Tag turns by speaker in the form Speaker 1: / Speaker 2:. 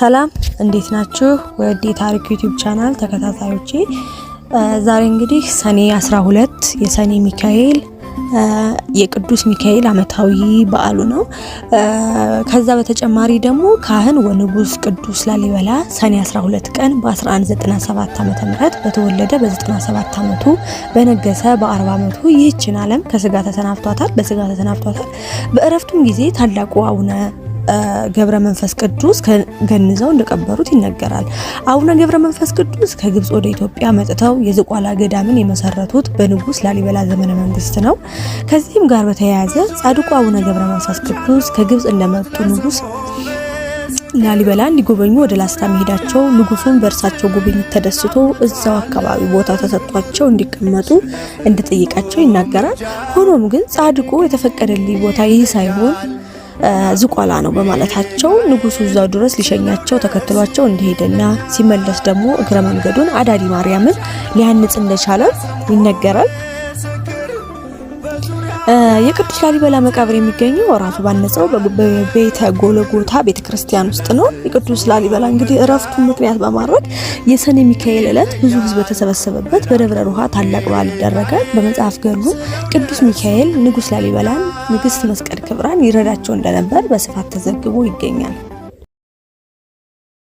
Speaker 1: ሰላም እንዴት ናችሁ? ወደ ታሪክ ዩቲዩብ ቻናል ተከታታዮቼ ዛሬ እንግዲህ ሰኔ 12 የሰኔ ሚካኤል የቅዱስ ሚካኤል አመታዊ በዓሉ ነው። ከዛ በተጨማሪ ደግሞ ካህን ወንጉስ ቅዱስ ላሊበላ ሰኔ 12 ቀን በ1197 ዓ ም በተወለደ በ97 ዓመቱ በነገሰ በ40 ዓመቱ ይህችን ዓለም ከስጋ ተሰናፍቷታል፣ በስጋ ተሰናፍቷታል። በእረፍቱም ጊዜ ታላቁ አቡነ ገብረ መንፈስ ቅዱስ ገንዘው እንደቀበሩት ይነገራል። አቡነ ገብረ መንፈስ ቅዱስ ከግብጽ ወደ ኢትዮጵያ መጥተው የዝቋላ ገዳምን የመሰረቱት በንጉስ ላሊበላ ዘመነ መንግስት ነው። ከዚህም ጋር በተያያዘ ጻድቁ አቡነ ገብረ መንፈስ ቅዱስ ከግብፅ እንደመጡ ንጉስ ላሊበላ እንዲጎበኙ ወደ ላስታ መሄዳቸው ንጉሱን በእርሳቸው ጉብኝት ተደስቶ እዛው አካባቢ ቦታ ተሰጥቷቸው እንዲቀመጡ እንድጠይቃቸው ይናገራል። ሆኖም ግን ጻድቁ የተፈቀደልኝ ቦታ ይህ ሳይሆን ዝቋላ ነው በማለታቸው ንጉሱ እዛ ድረስ ሊሸኛቸው ተከትሏቸው እንደሄደና ሲመለስ ደግሞ እግረ መንገዱን አዳዲ ማርያምን ሊያንጽ እንደቻለ ይነገራል። የቅዱስ ላሊበላ መቃብር የሚገኘው ራሱ ባነጸው በቤተ ጎለጎታ ቤተ ክርስቲያን ውስጥ ነው። የቅዱስ ላሊበላ እንግዲህ እረፍቱን ምክንያት በማድረግ የሰኔ ሚካኤል ዕለት ብዙ ሕዝብ በተሰበሰበበት በደብረ ሮሃ ታላቅ በዓል ይደረጋል። በመጽሐፍ ገሉ ቅዱስ ሚካኤል ንጉሥ ላሊበላን ንግሥት መስቀል ክብራን ይረዳቸው እንደነበር በስፋት ተዘግቦ ይገኛል።